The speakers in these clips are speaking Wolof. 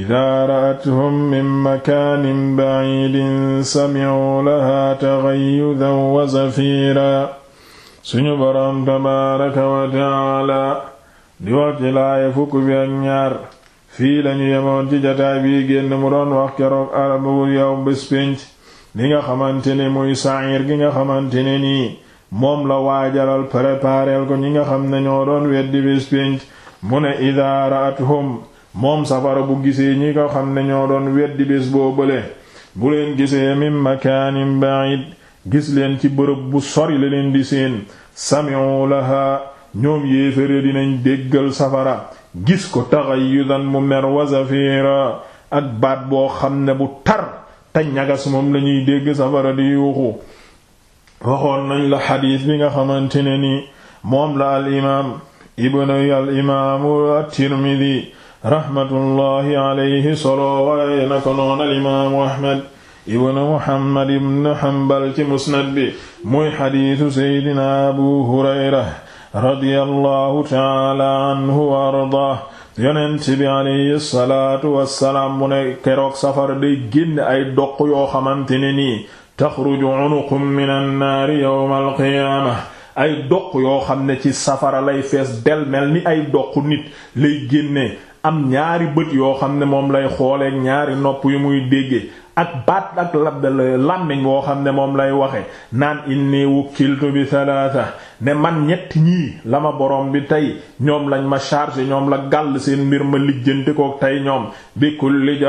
idaa ra'athum min makaanin ba'iidin samicuu lahaa taxayyudan wa zafiiraa suñu boroom tabaaraka wa taala di wax ci laaya fukk bi ak ñaar fii lañu yemoon ci jataay bii génn mu doon wax keroog arabu yow bés pénc li nga xamante ne muy saciir gi nga xamante ne nii moom la waajalal prépareel ko ñi nga xam ne ñoo doon weddi bés pénc mu ne idaa ra'athum moom safara bu gisee ñi ko xam ne ñoo doon weddi bés boobale bu leen gisee min makaanin ba'id gis leen ci bërëb bu sori la leen di seen sami'u laha ñoom yéefére dinañ déggal safara gis ko taxayyudan mu mer wa zafira ak baat boo xam ne bu tar te ñagas moom lañuy dégg safara di yuuxu waxoon nañ la xadiis bi nga xamante ni moom la al ibnu al imaamu raxmatullahi alayhi solo waaye na ko noon al imaamu ahmad ibnu muhammad ibnu hanbal ci musnad bi muy xadiisu seydina abu hurayra radiyallahu taala anhu wa ardaah yonent bi alayhi salaatu wassalaam mu ne keroog safar day génn ay doq yoo xamante ne nii taxruju unuqum min annaari yawma alqiyaama ay doq yoo xam ne ci safara lay fees del mel ni ay doq nit lay génne am ñaari bët yoo xam ne moom lay xoolee ñaari nopp yu muy dégge ak baat ak lab làmmiñ woo xam ne moom lay waxe naan inni wukkiltu bi salaasa ne man ñett ñii la ma borom bi tey ñoom lañ ma chargé ñoom la gàll seen mbir ma lijjanti kook tey ñoom bi kulli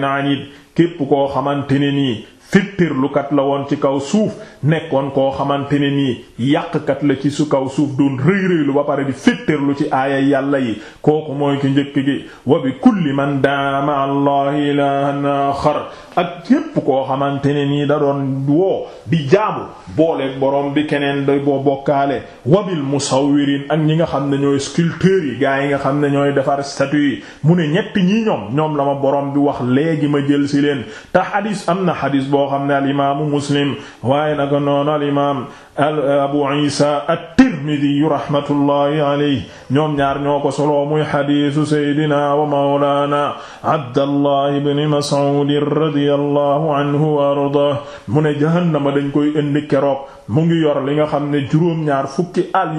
naa anid képp koo xamante ne nii fittirlukat la woon ci kaw suuf nekkoon koo xamante ne nii yàqkat la ci su kaw suuf doon rëy rëylu ba pare di fittirlu ci aaya yàlla yi kooku mooy ki njëkk gi wa bi kulli man daama allahi ilahan axar ak yépp koo xamante ne nii da doon woo di jaamu booleeg borom bi keneen da boo bokkaale wabil musawwirin ak ñi nga xam ne ñooy sculpteurs yi gaa yi nga xam ne ñooy defar statue yi mu ne ñett ñi ñoom ñoom la ma borom bi wax léegi ma jël si leen te boo xam ne al imaamu muslim waaye naka noonu al imaam euh, abu isa at-tirmidhi rahmatullahi alayhi ñoom ñaar ko solo muy xadiisu saydina wa mawlaana abdallah ibn mas'ud radiyallahu ardaah mu jahannama dañ koy indi keroog mu ngi yor li nga xam ne juróom-ñaar fukki al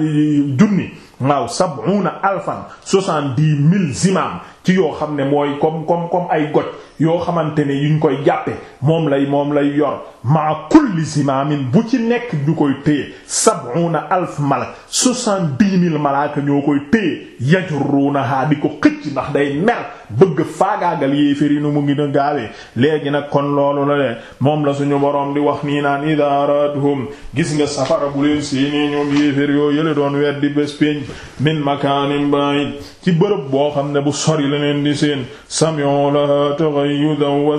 junni waaw sab'una alfan soixante-dix mille zimaam ci yoo xam ne mooy comme comme comme ay goj yoo xamante ne yuñ koy jàppe moom lay moom lay yor ma kulli zimaamin bu ci nekk ñu koy téye sab'una alf malak soixante-dix mille malaaka ñoo koy téye yajrunaha di ko xëcc ndax day mer bëgg faagaagal yéefér yi nu mu gën a gaawee léegi nag kon loolu la lee moom la suñu boroom di wax nii naan ida aradhum gis nga safara bu leen séenee ñoom yéefér yoo yële doon weddi bés pénc min makaanin ba'id ci bërëb boo xam ne bu sori la leen di seen samyon la yudan wa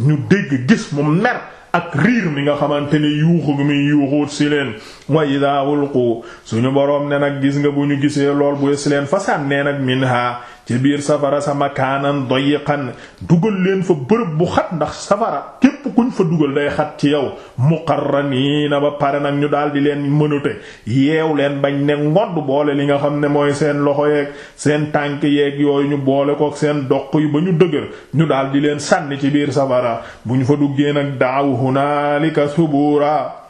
ñu dégg gis mu mer ak riir mi nga xamante ne yuuxu gi muy yuuxuut si leen wa ida ulqu suñu boroom ne nag gis nga bu ñu gisee lool bu si leen fa fasànnee nag minha ci biir safara sama kaanan doyiqan dugal leen fa bërëb bu xat safara képp kuñ fa dugal day xat ci yow muqarraniina ba pare nag ñu daal di leen mënute yeew leen bañ ne ngodd boole li nga xam ne mooy seen loxo yeeg seen tànk yeeg yooyu ñu boole kook seen doq yi ba ñu dëgër ñu daal di leen sànni ci biir safara bu ñu fa duggee nag daaw hunaalika subura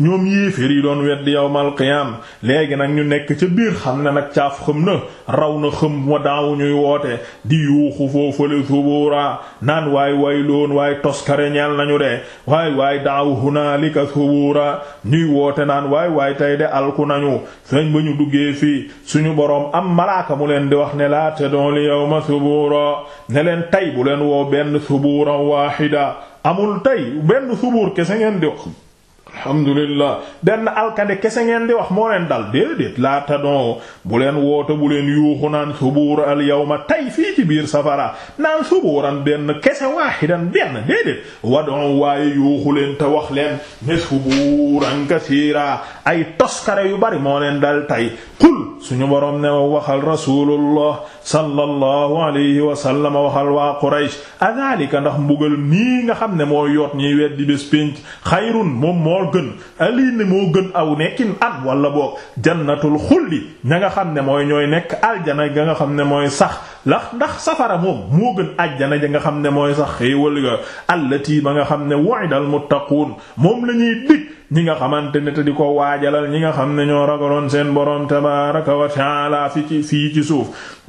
ñoom yéeféer yi doon weddi yawmal qiyaam léegi nag ñu nekk ca biir xam ne nag caaf xëm na raw na xëm wa daawu ñuy woote di yuuxu foofale subuura naan waay way loon waay toskare ñeel nañu de waay waay daawu hunaalika subuura ñuy woote naan waay waay tey de alku nañu feeñ ba ñu duggee fi suñu boroom am malaaka mu leen di wax ne laa tad'u yawma subuura ne leen tey bu leen woo benn subuura waahida amul tey benn subuur kese ngeen di wax alhamdulillah benn alkande kese ngeen di wax moo leen dal déedéet laata don bu leen woote bu leen yuuxu naan subuur al yawma tay fii ci biir safara naan subuuran benn kese waahidan benn déedéet wadon waaye yuuxu leen te wax leen ne subuuran kasiira ay toskare yu bari moo leen dal tay qul suñu boroom ne waxal rasulullah sallallahu alayhi wa sallam waxal waa quraysh adalika ndax mbugal nii nga xam ne moo yoot ñiy weddi bés pénc xayrun moom moo gën ali moo gën aw nekkin am wala boog jannatul xulli ña nga xam ne mooy ñooy nekk aljana ga nga xam ne mooy sax lax ndax safara moom moo gën àjjana ja nga xam ne mooy sax xéewal ga allati ba nga xam ne dal muttaquun moom la ñuy dig ñi nga xamante ne te di ko waajalal ñi nga xam ne ñoo ragaloon seen boroom tabaaraka wa laa fi ci fii ci suuf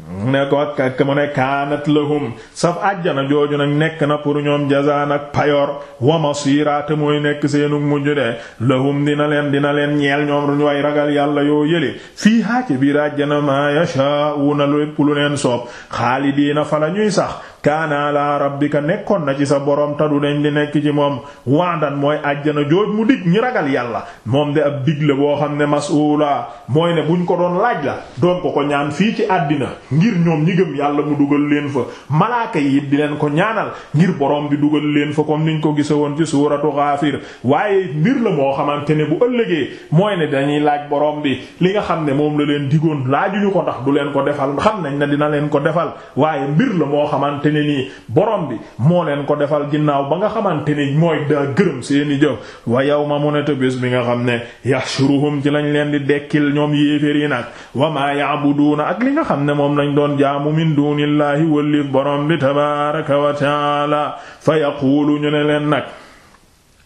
nekk ak mu ne kaanat lahum saf àjjana jooju nag nekk na pour ñoom jazaan ak payoor wa masiira te mooy nekk seenu mujj de lahum dina leen dina leen ñeel ñoom way ragal yàlla yoo yële fii haa ci biir àjjana ma yashaa'una lu leen soob xaalidiina na la ñuy sax kaana ala rabbika nekkoon na ci sa boroom borom tadu dañ di nekk ci moom waadan mooy àjjana jooj mu dig ñi ragal yàlla moom de ab dig boo xam ne mas'uula mooy ne buñ ko doon laaj la doon ko ko ñaan fii ci àddina ngir ñoom ñi gëm yàlla mu dugal leen fa malaaka yi di leen ko ñaanal ngir borom bi dugal leen fa comme niñ ko gisa woon ci suuratu Ghaafir waaye mbir la moo xamante ne bu ëllëgee mooy ne dañuy laaj boroom bi li nga xam ne moom la leen digoon laajuñu ko ndax du leen ko defal xam nañ ne dina leen ko defal waaye mbir la moo xamante ne nii borom bi moo leen ko defal ginnaaw ba nga xamante ni mooy daa gërëm seeni jëf wa yawma mu ne te bés bi nga xam ne yahshuruhum ci lañ leen di dekkil ñoom yéeféer yi nag wa maa ya'buduuna ak li nga xam ne moom lañ doon jaamu min duunillahi wëllif borom bi tabaaraka wa taala fa yaquulu ñu ne leen nag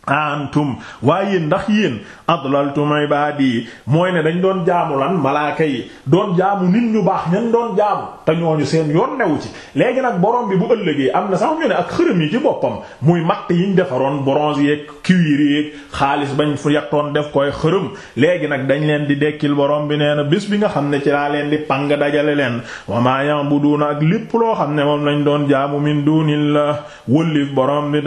antum waaye ndax yéen adlaltum ibadi mooy ne dañ doon jaamu lan malaaka yi doon jaamu nit ñu baax ñan doon jaamu te ñooñu seen yoon new ci léegi nag borom bi bu ëllëgee am na sax ñu ne ak xërëm yi ci boppam muy matt ñu defaroon bronze yeeg cuir yeeg xaalis bañ fu yattoon def koy xërëm léegi nag dañ leen di dekkil borom bi nee na bés bi nga xam ne ci laa leen di pang dajale leen wa ma ya'buduna ak lépp loo xam ne moom lañ doon jaamu min dunillah wëllif borom bi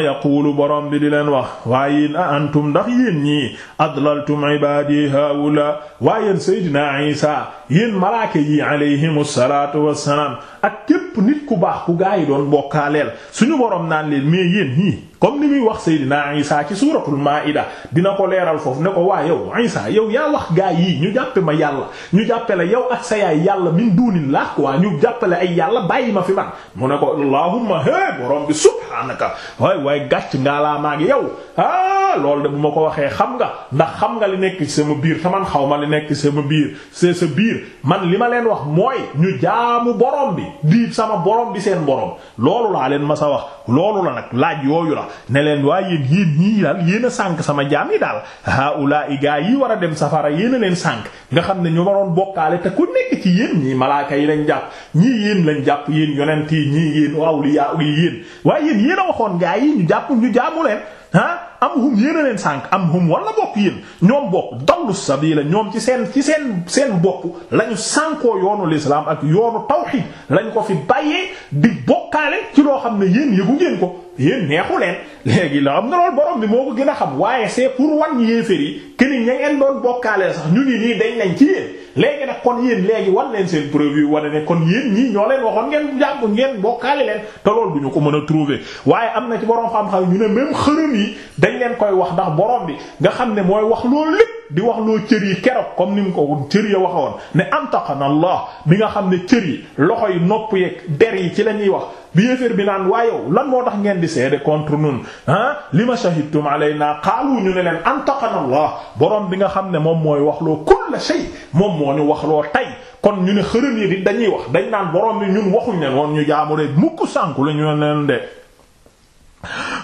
fa yaquulu borom bi di leen wax waaye yéen a antum ndax yéen ñii adlaltum ibaadi haawula waaye yéen seydinaa Isaa yéen malaaka yi alayhimu salaatu wassalaam ak képp nit ku baax ku gaa yi doon bokkaaleel suñu boroom naa leen mais yéen ñii comme ni muy wax Seydina Isa ci suuratul Maa'ida dina ko leeral foofu ne ko waa yow Isa yow yaa wax gaa yii ñu jàppe ma yàlla ñu jàppe la yow ak sa yaay yàlla min duunillah waa ñu jàppale ay yàlla bàyyi ma fi man mu ne ko allahumma hé borom bi subhaanaka waay waay gàcc ngaa laa maa ngi yow ah loolu de bu ma ko waxee xam nga ndax xam nga li nekk ci sama biir taman xaw ma li nekk ci sama biir c'est sa biir man li ma leen wax mooy ñu jaamu borom bi di sama borom bi seen borom loolu laa leen ma sa wax loolu la nag laaj yooyu la ne leen waa yéen yéen ñii daal yéen a sànq sama jaam yi daal haula i gaa yi war a dem safara yéen leen sànq nga xam ne ñu ma doon bokkaale te ku nekk ci yéen ñii malaaka yi lañ jàpp ñii yéen lañ jàpp yéen yonent yi ñii yéen awliya yi yéen waaye yéen yéen a waxoon gaa yi ñu jàpp ñu jaamu leen ah? am hum yéen a leen sànq am hum wala bopp yéen ñoom bopp dallu sabila ñoom ci seen ci seen seen bopp lañu sànkoo yoonu l'islam ak yoonu tawhid lañ ko fi bàyyee di bokkaale ci loo xam ne yéen yëgu ngeen ko yéen neexu leen léegi la am na loolu borom bi moo ko gën a xam waaye c'est pour wan yéefér yi keni ña ngeen doon bokkaaleel sax ñu ngi nii dañ nañ ci yéen léegi nag kon yéen léegi wan leen seen preuve yi wane ne kon yéen ñii ñoo leen waxoon ngeen jàpp ngeen bokkaale leen te loolu du ñu ko mën a trouver waaye am na ci borom xam-xam ñu ne même xërëm yi dañ leen koy wax ndax boroom bi nga xam ne mooy wax loolu lépp di wax loo cër yi keroog comme ni mu ko woon cër ya waxoon ne antaqana Allah bi nga xam ne cër yi loxo yi nopp yeeg der yi ci la ñuy wax bi yéeféer bi naan waa yow lan moo tax ngeen di seede contre nun ah li ma shahidtum alayna qaalu ñu ne leen antaqana Allah borom bi nga xam ne moom mooy wax loo kulla shay moom moo ni wax loo tey kon ñu ne xërëm yi di dañuy wax dañ naan borom bi ñun waxuñ leen woon ñu jaamu de mukk sànku la ñu leen de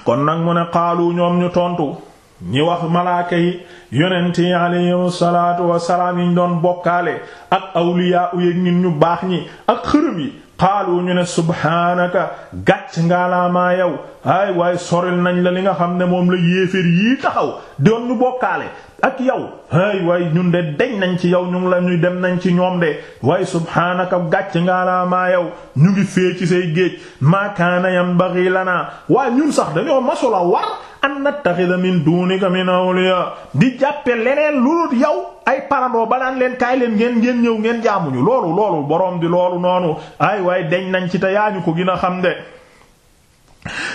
kon nag mu ne ñoom ñu tontu. ñi wax malaaka yi yonent yi alayhim salaatu wasalaam yi ñu doon bokkaale ak awliyaa yéeg nit ñu baax ñi ak xërëm yi xaalu ñu ne subhaanaka gàcc ngaalaamaa yow ay waaye soril nañ la li nga xam ne moom la yéeféer yii taxaw doon ñu bokkaale ak yow hay way ñun de deñ nañ ci yow ñu la ñuy dem nañ ci ñoom de way subhaanaka gàcc nga laa maa yow ñu ngi fee ci say géej maakaana yam baxi lanaa waaye ñun sax dañoo masula war an nattaxida min duunika min awliya di jàppe leneen lu dul yow ay parandoo ba naan leen kaay leen ngeen ngeen ñëw ngeen jaamuñu loolu loolu boroom di loolu noonu ay way deñ nañ ci te yaa ñu ko gën xam de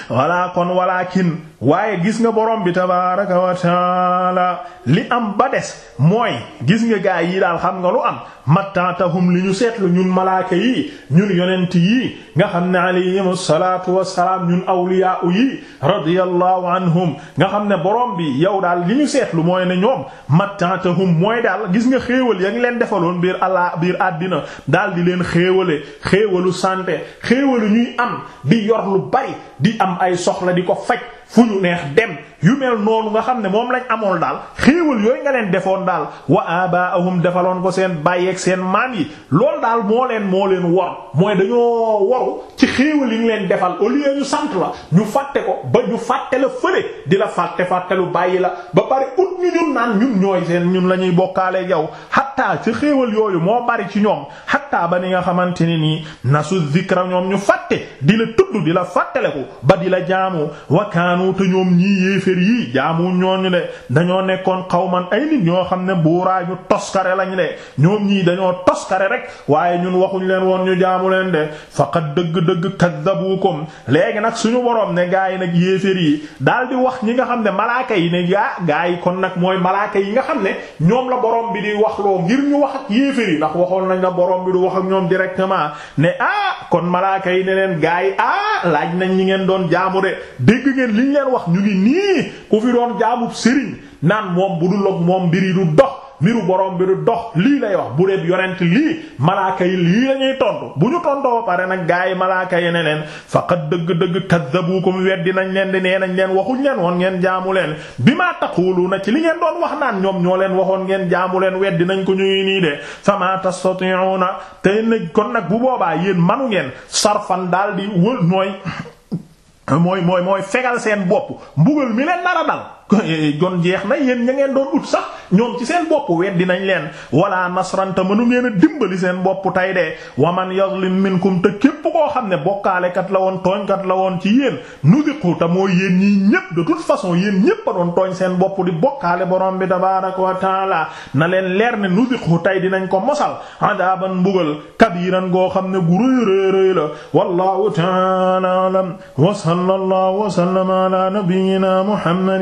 wala kon walakin waaye gis nga borom bi tabaaraka wa taala li am ba des mooy gis nga gaa yi daal xam nga lu am mattaatahum li ñu seetlu ñun malaaka yi ñun yonent yi nga xam ne alayhimu salaatu wassalaam ñun awliyaa yi radiyallahu anhum nga xam ne boroom bi yow daal li ñu seetlu mooy ne ñoom mattaatahum mooy daal gis nga xéewal yaa ngi leen defaloon biir allah biir àddina daal di leen xéewale xéewalu santé xéewalu ñuy am di yor lu bari di am am ay soxla di ko faj fu ñu neex dem yu mel noonu nga xam ne moom lañ amoon daal xéewal yooyu nga leen defoon daal wa abaahum defaloon ko seen bàyyeeg seen maam yi loolu daal moo leen moo leen wor mooy dañoo waru ci xéewal yi nga leen defal au lieu ñu sant la ñu fàtte ko ba ñu fàtte la fële di la fàtte fàtte lu bàyyi la ba pare ut ñu ñun naan ñun ñooy seen ñun la ñuy bokkaale yow xatta ci xéewal yooyu moo bari ci ñoom xatta ba ni nga xamante ne nii nasu zikra ñoom ñu fàtte di la tudd di la fàttaleku ba di la jaamu wakaanu te ñoom ñii yéefér yii jaamu ñooñu de dañoo nekkoon xawman ay nit ñoo xam ne buuraay ñu toskare lañ de ñoom ñii dañoo toskare rek waaye ñun waxuñ leen woon ñu jaamu leen de faqat dëgg-dëgg kaddabukum léegi nag suñu borom ne gaa yi nag yéefér yi daal di wax ñi nga xam ne malaaka yi ne gaa gaa yi kon nag mooy nga xam ngir ñu wax ak yéefér yi ndax waxoon nañ la borom bi du wax ak ñoom directement ne ah kon malaaka yi ne leen gars yi ah laaj nañ ñi ngeen doon jaamu de dégg ngeen liñ leen wax ñu ngi nii ku fi doon jaamub sëriñ naan moom bu dul ak moom mbir yi du dox mbiru borom bi du dox lii lay wax bu dee yonent lii malaaka yi lii la ñuy tontu bu ñu tontoo pare nag gaa yi malaaka yi ne leen faqad dëgg-dëgg mu weddi nañ leen di nee nañ leen waxuñ leen woon ngeen jaamu leen bi maa taquluna ci li ngeen doon wax naan ñoom ñoo leen waxoon ngeen jaamu leen weddi nañ ko ñuy nii de fama na te nag kon nag bu boobaa yéen manu ngeen sarfan daal di wël nooy mooy mooy mooy fegal seen bopp mbugal mi jon eh, jeex na yéen ña ngeen doon ut sax ñoom ci seen bopp wet dinañ leen wala nasranta mënu ngeen a dimbali seen bopp tay de waman yazlim minkum te képp koo xam ne bokkaalekat la woon tooñkat la woon ci yéen nu diqu te mooy yéen ñii ñépp de toute façon yéen ñépp a doon tooñ seen bopp di bokkaale borom bi tabaarak wa taala na leen leer ne nu tay dinañ ko mosal adaban mbugal kabiran goo xam ne gu rëy rëy la wallahu ta'ala a'lam wa sallallahu la sallama ala nabiyyina muhammad